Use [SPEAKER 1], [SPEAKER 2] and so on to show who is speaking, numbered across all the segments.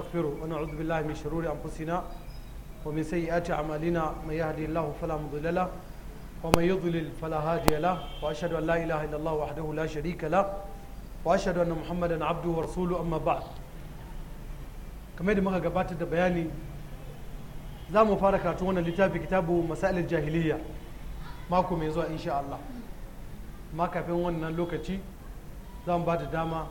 [SPEAKER 1] نستغفره ونعوذ بالله من شرور أنفسنا ومن سيئات أعمالنا من يهدي الله فلا مضل له ومن يضلل فلا هادي له وأشهد أن لا إله إلا الله وحده لا شريك له وأشهد أن محمدا عبده ورسوله أما بعد كما يدي مغا قبات بياني za mu fara karatu wannan littafi kitabu masailin jahiliya mako mai zuwa insha Allah ma kafin wannan lokaci za mu ba da dama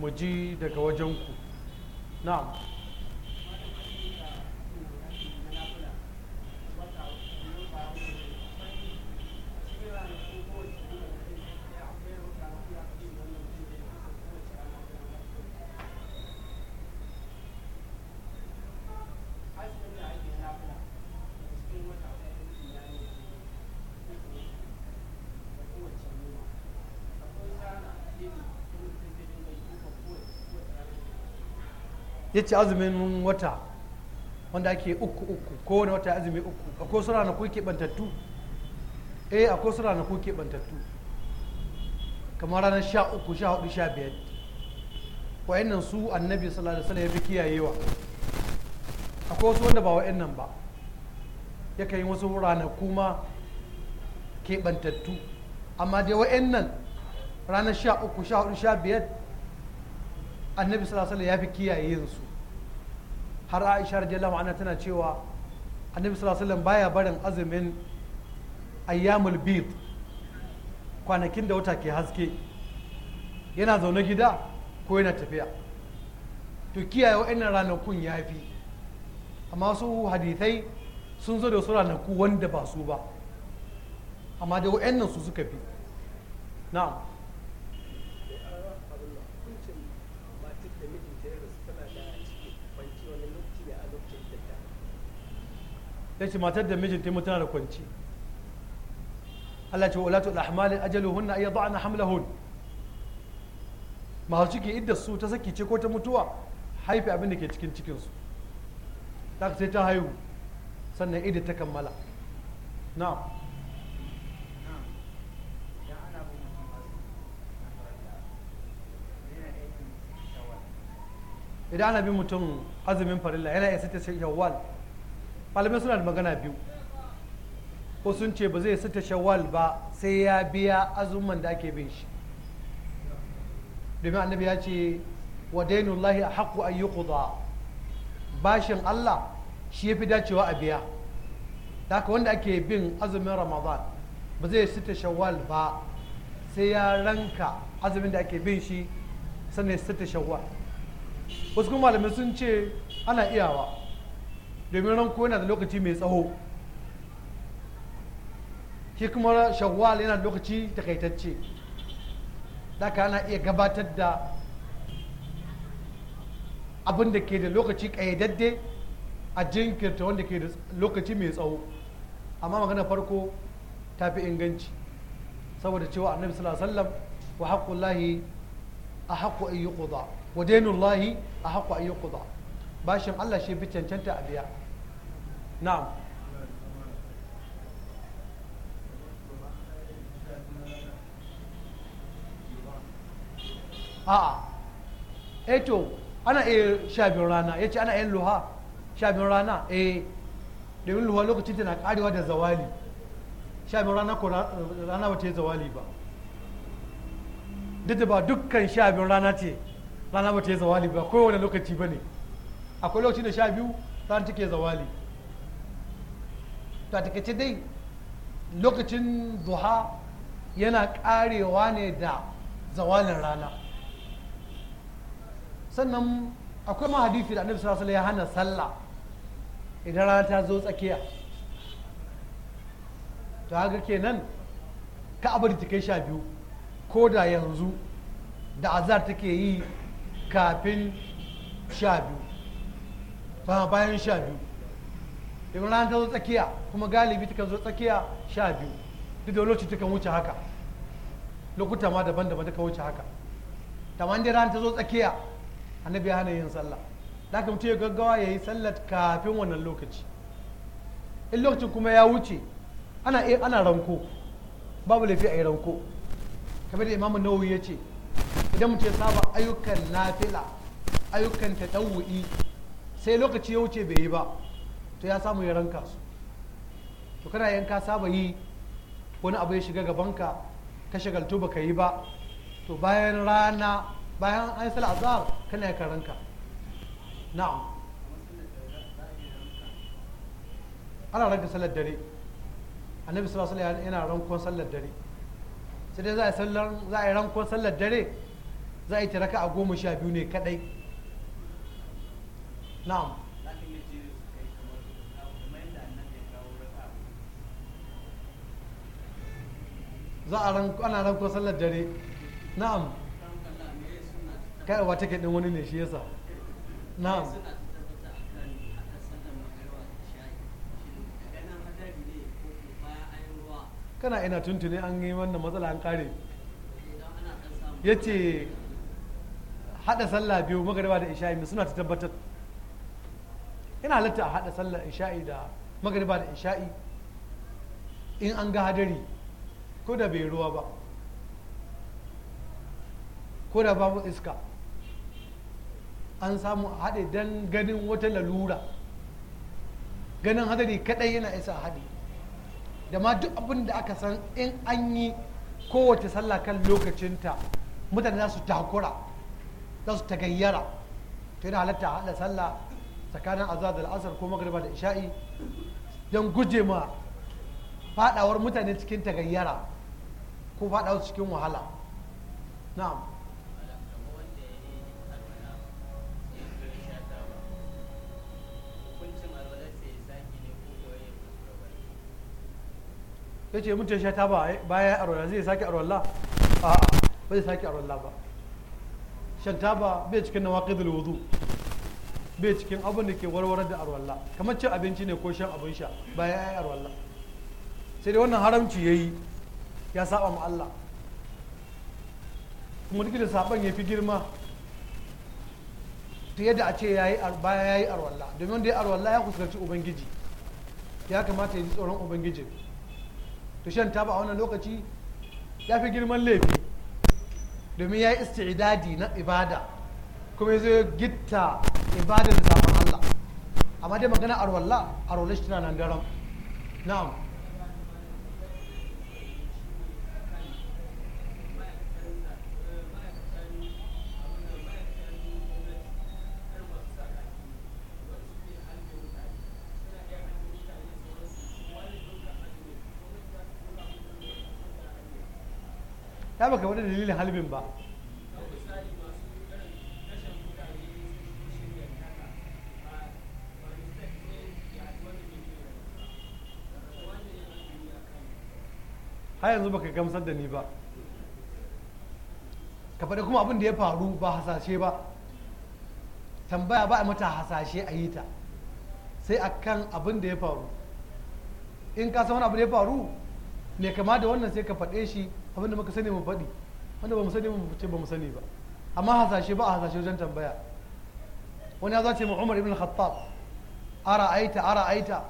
[SPEAKER 1] mu ji daga wajenku Naam. ya ce azumin wata wanda ake uku uku ko wani wata azumi uku akwai wasu kuke bantattu eh akwai wasu kuke bantattu kamar ranar sha uku sha hudu sha biyar wa'annan su annabi sallallahu alaihi wasallam ya fi kiyayewa akwai wasu wanda ba wa'annan ba yakan yi wasu ranaku ma keɓantattu amma dai wa'annan ranar sha uku sha hudu sha biyar annabi sallallahu alaihi ya fi kiyaye yin su har aisha radiyallahu anha tana cewa annabi sallallahu alaihi baya barin azumin ayyamul bid kwanakin da wata ke haske yana zaune gida ko yana tafiya to kiyaye wa'annan ranakun ya fi amma su hadithai sun zo da wasu ranaku wanda ba su ba amma da wa'annan su suka fi na'am sai ce matar da mijinta mutu tana da kwanci Allah ce wa ulatu al-ahmal ajaluhunna na hamla hamlahun Masu ciki iddar su ta saki ce ko ta mutuwa haifi abin da ke cikin cikin su ta sai ta haihu sannan idda ta kammala na'am idan ana bin mutum azumin farilla yana ta sita shawwal malamai suna da magana biyu ko sun ce ba zai sita shawwal ba sai ya biya azumman da ake bin shi domin annabi ya ce wa a haku an bashin Allah shi ya fi dacewa a biya da haka wanda ake bin azumin ramadan ba zai sita shawwal ba sai ya ranka azumin da ake bin shi sannan sita shawwal wasu kuma malamai sun ce ana iyawa domin ranko yana da lokaci mai tsawo shi kuma shawwal yana da lokaci takaitacce daga ana iya gabatar da abin da ke da lokaci ƙayyadadde a jinkirta wanda ke da lokaci mai tsawo amma magana farko ta fi inganci saboda cewa annabi sallallahu alaihi wasallam wa haqqullahi a haqqu an yuqda wa dainullahi a haqqu an bashin Allah shi fi cancanta a biya na'am a'a e to ana iya sha biyun rana ya ce ana yin luha sha biyun rana e domin luha lokacin tana karewa da zawali sha biyun rana ko rana ba ta yi zawali ba duk da ba dukkan sha biyun rana ce rana ba ta yi zawali ba kowane lokaci ba ne akwai lokacin da sha biyu rana take zawali to a takaice dai lokacin duha yana karewa ne da zawalin rana sannan akwai ma da annabi sallallahu ya hana sallah idan rana ta zo tsakiya to haka kenan ka abar ta kai sha biyu ko da yanzu da azar take yi kafin sha biyu bayan sha biyu daga ranar ta zo tsakiya kuma galibi ta zo tsakiya sha biyu duk da lokaci ta wuce haka lokuta ma daban-daban ta wuce haka tamma dai ranar ta zo tsakiya annabi ya hana yin sallah da aka mutu ya gaggawa ya yi sallar kafin wannan lokaci in lokacin kuma ya wuce ana ana ranko babu laifi a yi ranko kamar da imamu nawawi ya ce idan mutum ya saba ayyukan nafila ayyukan tadawu'i sai lokaci ya wuce bai yi ba to ya samu ya ranka su to kana ka saba yi wani abu ya shiga gabanka ka shagaltu baka yi ba to bayan rana bayan an sala azhar kana yanka ranka na'am ana ranka sallar dare annabi sallallahu alaihi wasallam yana rankon sallar dare sai dai za a sallar za a yi rankon sallar dare za a yi taraka a goma sha biyu ne kadai na'am za a ana ranko sallar dare na'am kai wata ke din wani ne shi yasa na'am kana ina tuntuni an yi wannan matsala an kare ya ce haɗa sallah biyu magariba da isha'i mai suna ta tabbatar ina halatta a haɗa sallah isha'i da magariba da isha'i in an ga hadari ko da bai ruwa ba ko da babu iska an samu a haɗe don ganin wata lalura ganin hadari kaɗai yana isa haɗe da ma duk abin da aka san in an yi kowace sallah kan lokacinta mutane za su takura za su tagayyara to yana halatta a haɗa sallah tsakanin azad da al'asar ko magriba da isha'i don guje ma faɗawar mutane cikin tagayyara ko faɗa su cikin wahala na'am ya ce mutum sha ta eh, baya arwala zai sake arwala a ba zai sake arwala ba shan ba bai cikin ƙidul wudu bai cikin abin da ke warware da arwalla kamar cin abinci ne ko shan abin sha bayan ya yi arwalla sai dai wannan haramci ya yi ya saba ma Allah kuma duk da saban ya fi girma ta yadda a ce ya yi baya ya arwalla domin wanda ya arwalla ya kusurci ubangiji ya kamata ya ji tsoron ubangijin to shan taba a wannan lokaci ya fi girman laifi domin ya yi isti'idadi na ibada kuma ya zo gitta ibada da sabon Allah amma dai magana arwalla arwalla shi tana nan daram na'am ta baka wani dalilin halbin ba har yanzu baka gamsar da ni ba ka faɗi kuma abin da ya faru ba hasashe ba tambaya ba a mata hasashe a yi ta sai kan abin da ya faru in ka san wani abu da ya faru me kama da wannan sai ka faɗe shi abinda muka sani mu faɗi wanda ba mu sani mu ce ba mu sani ba amma hasashe ba a hasashe wajen tambaya wani ya ce ma Umar ibn Khattab ara aita ara aita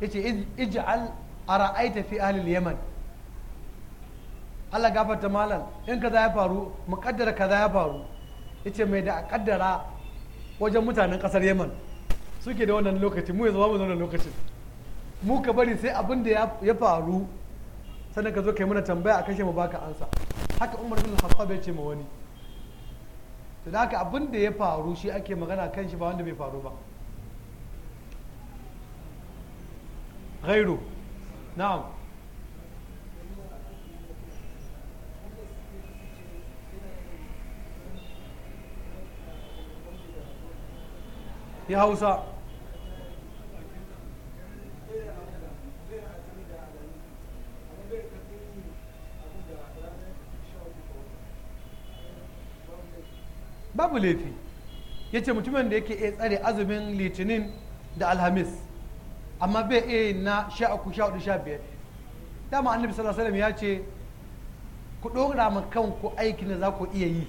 [SPEAKER 1] yace ij'al ara aita fi ahli al-Yaman Allah gafarta malam in kaza ya faru mu kaddara kaza ya faru yace mai da kaddara wajen mutanen kasar Yaman suke da wannan lokaci mu yanzu ba mu da wannan lokacin mu ka bari sai abin da ya faru sannan ka zo kai mana tambaya a kashe mu baka ansa haka umar bin khattab ya ce ma wani to da haka abin da ya faru shi ake magana kan shi ba wanda bai faru ba gairu na'am يا Hausa. babu laifi ya ce mutumin da yake iya tsare azumin litinin da alhamis amma bai iya na sha uku sha hudu sha biyar dama annabi sallallahu alaihi ya ce ku ɗora ma kanku aikin da za ku iya yi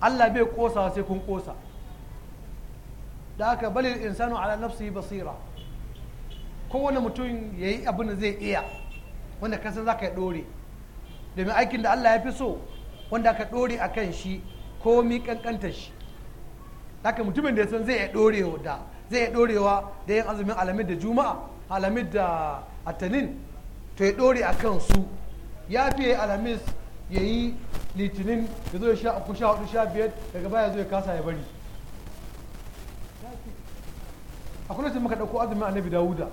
[SPEAKER 1] allah bai kosa sai kun kosa da aka in insanu ala nafsi basira kowane mutum ya yi abin da zai iya wanda kasa za ka dore domin aikin da allah ya fi so wanda aka dore a kan shi komi kankanta shi haka mutumin da ya san zai ya dorewa da zai ya dorewa da yin azumin alamid da juma'a alamid da atanin to ya dore a kan su ya fiye alamis ya yi litinin ya zo ya sha uku sha hudu sha biyar daga baya zo ya kasa ya bari a kullum muka ɗauko azumin annabi dawuda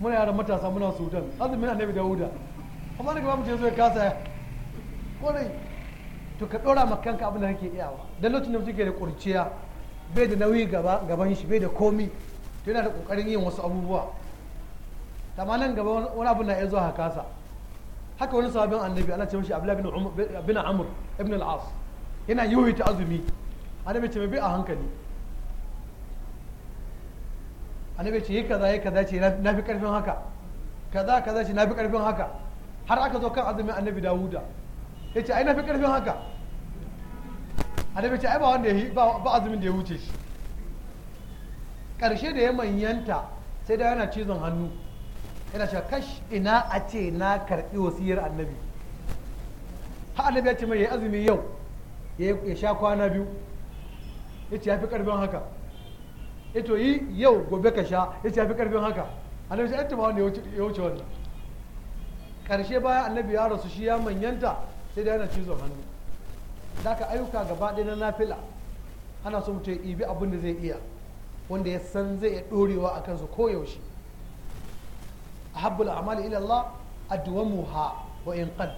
[SPEAKER 1] muna yaran matasa muna sudan azumin annabi dawuda amma daga ba mu ce zo ya kasa ya kwarai to ka dora ma kanka abin da kake iyawa dan lokacin da mutum ke da kurciya bai da nauyi gaba gaban shi bai da komi to yana da kokarin yin wasu abubuwa amma nan gaba wani abu na iya zuwa hakasa haka wani sahabin annabi ce abdullahi bin amr ibn al-as yana ta azumi annabi ce bai a hankali annabi ce yi kaza yi kaza ce na fi karfin haka kaza kaza ce na fi karfin haka har aka zo kan azumin annabi dawuda yace ce ai na fi karfin haka annabi ce ai ba wanda ba azumin da ya wuce shi karshe da ya manyanta sai da yana cizon hannu yana cewa kash ina a ce na karɓi wasiyar annabi ha annabi ya ce mai azumi yau ya sha kwana biyu ya ce ya fi ƙarfin haka ya to yi yau gobe ka sha ya ce ya fi ƙarfin haka annabi ya ce ba wanda ya wuce wannan Karshe baya annabi ya rasu shi ya manyanta sai da yana cizon hannu da ka ayyuka gaba ɗaya na nafila ana so mutum ya ibi abin da zai iya wanda ya san zai iya ɗorewa a kansu yaushe. a habbul amali ilallah ha wa in qad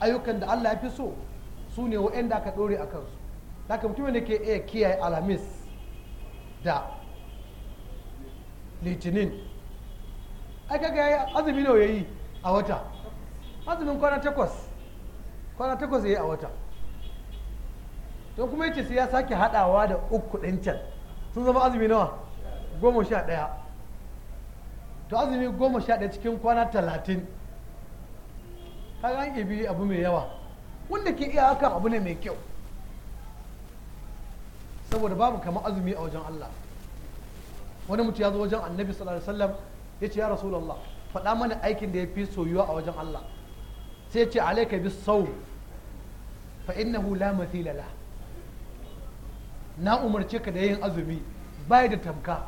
[SPEAKER 1] ayyukan da Allah ya fi so su ne wa'anda aka ɗore a kansu da ka mutum ne ke iya kiyaye alhamis da litinin ai kaga yi azumi ne ya yi a wata azumin kwana takwas kwana takwas yi a wata to kuma yace sai ya sake hadawa da uku ɗin can sun zama azumi nawa goma sha ɗaya to azumi goma sha ɗaya cikin kwana talatin kaga an ibi abu mai yawa wanda ke iya haka abu ne mai kyau saboda babu kamar azumi a wajen Allah wani mutum ya zo wajen annabi sallallahu alaihi wasallam ya ce ya rasulullah faɗa mana aikin da ya fi soyuwa a wajen Allah sai ya ce alaika bis sau. fa innahu la mathila lahu na umarce ka da yin azumi bai da tamka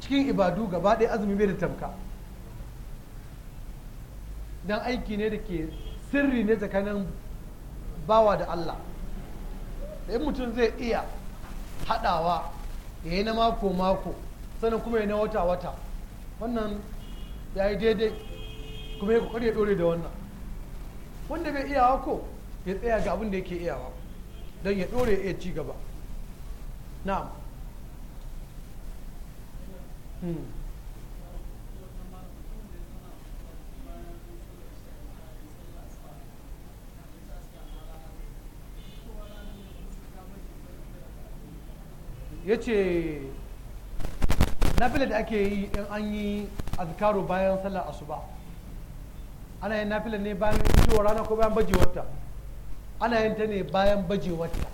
[SPEAKER 1] cikin ibadu gaba ɗaya azumi bai da tamka don aiki ne da ke sirri ne tsakanin bawa da Allah da mutum zai iya haɗawa ya yi na mako-mako sannan kuma ya na wata-wata wannan ya yi daidai kuma ya kokari ya ɗore da wannan wanda bai iyawa ko ya tsaya ga abin da yake iyawa don ya ɗore ya ci gaba نعم ya ce nafila da ake yi in an yi azkaru bayan sallar asuba ana yin nafila ne bayan fitowar rana ko bayan bajewarta ana yin ta ne bayan bajewarta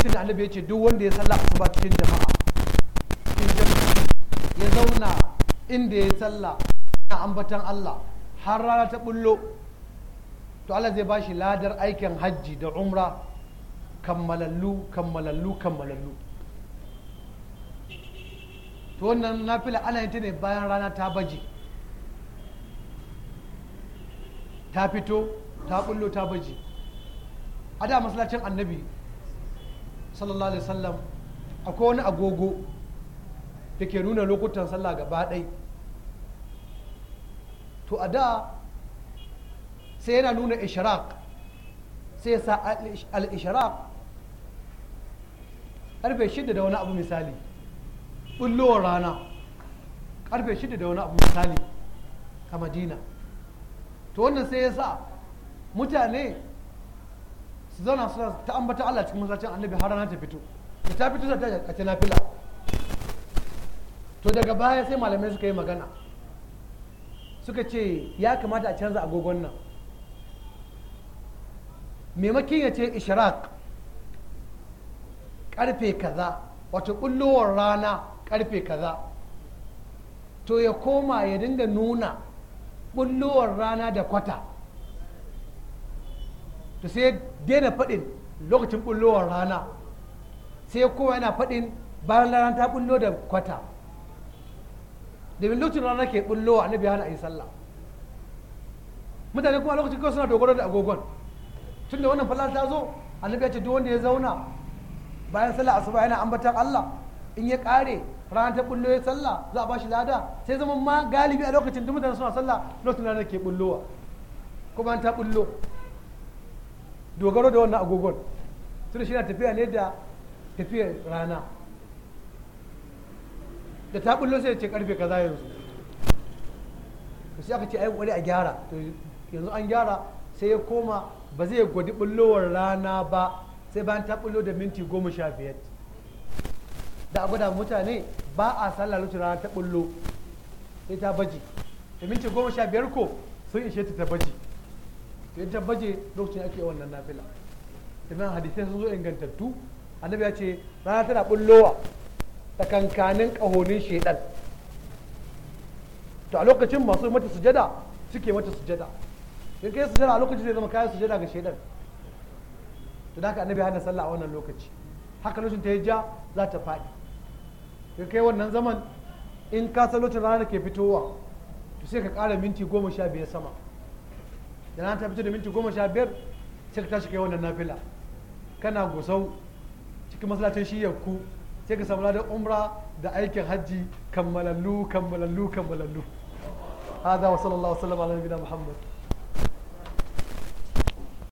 [SPEAKER 1] hadisin da annabi ya ce duk wanda ya sallah asuba cikin jama'a cikin jama'a ya zauna inda ya sallah na ambatan Allah har rana ta bullo to Allah zai bashi ladar aikin hajji da umra kammalallu kammalallu kammalallu to wannan nafila ana yin ta ne bayan rana ta baji ta fito ta bullo ta baji a da masallacin annabi sallallahu alaihi wasallam akwai wani agogo da ke nuna lokutan sallah gaba ɗai to a da sai yana nuna ishraq sai ya sa al-ishraq karfe shida da wani abu misali ɓullowar rana karfe shida da wani abu misali a madina to wannan sai ya sa mutane su zauna suna ta ambata Allah cikin masallacin annabi har ta fito da ta fito ta a ta nafila to daga baya sai malamai suka yi magana suka ce ya kamata a canza agogon nan maimakin ya ce ishraq karfe kaza wato kullowar rana karfe kaza to ya koma ya dinga nuna kullowar rana da kwata to sai daina faɗin lokacin ɓullowar rana sai kowa yana faɗin bayan rana ta bullo da kwata domin lokacin rana ke bullowa annabi hana a yi sallah mutane kuma lokacin kawai suna dogaro da agogon tunda wannan fala ta zo annabi ya ce duk wanda ya zauna bayan sallah asuba yana ambatan Allah in ya kare rana ta ɓullo ya sallah za a bashi lada sai zama ma galibi a lokacin duk mutane suna sallah lokacin rana ke bullowa kuma ta bullo dogaro da wannan agogon tun shi na tafiya ne da tafiyar rana da ta bullo sai ce karfe kaza yanzu sai aka ce ayin wani a gyara to yanzu an gyara sai ya koma ba zai gwadi bullowar rana ba sai bayan ta bullo da minti goma sha biyar da a gwada mutane ba a sallah lokacin rana ta bullo sai ta baji da minti goma sha biyar ko sun ishe ta ta baji ya tabbace lokacin ake wannan nafila idan hadisai sun zo ingantattu annabi ya ce rana tana bullowa tsakankanin kahonin shaidan to a lokacin masu mata sujada suke mata sujada in kai sujada a lokacin zai zama kayan sujada ga shaidan to haka annabi hana sallah a wannan lokaci haka lokacin ta ja za ta faɗi in kai wannan zaman in ka san lokacin rana ke fitowa to sai ka ƙara minti goma sha biyar sama da ta fito da minti goma sha biyar sai ka tashi kai wannan nafila kana gusau cikin masallacin shiyar ku sai ka samu ladan umra da aikin hajji kammalallu kammalallu kammalallu hada wa sallallahu alaihi wa sallam ala nabiyina muhammad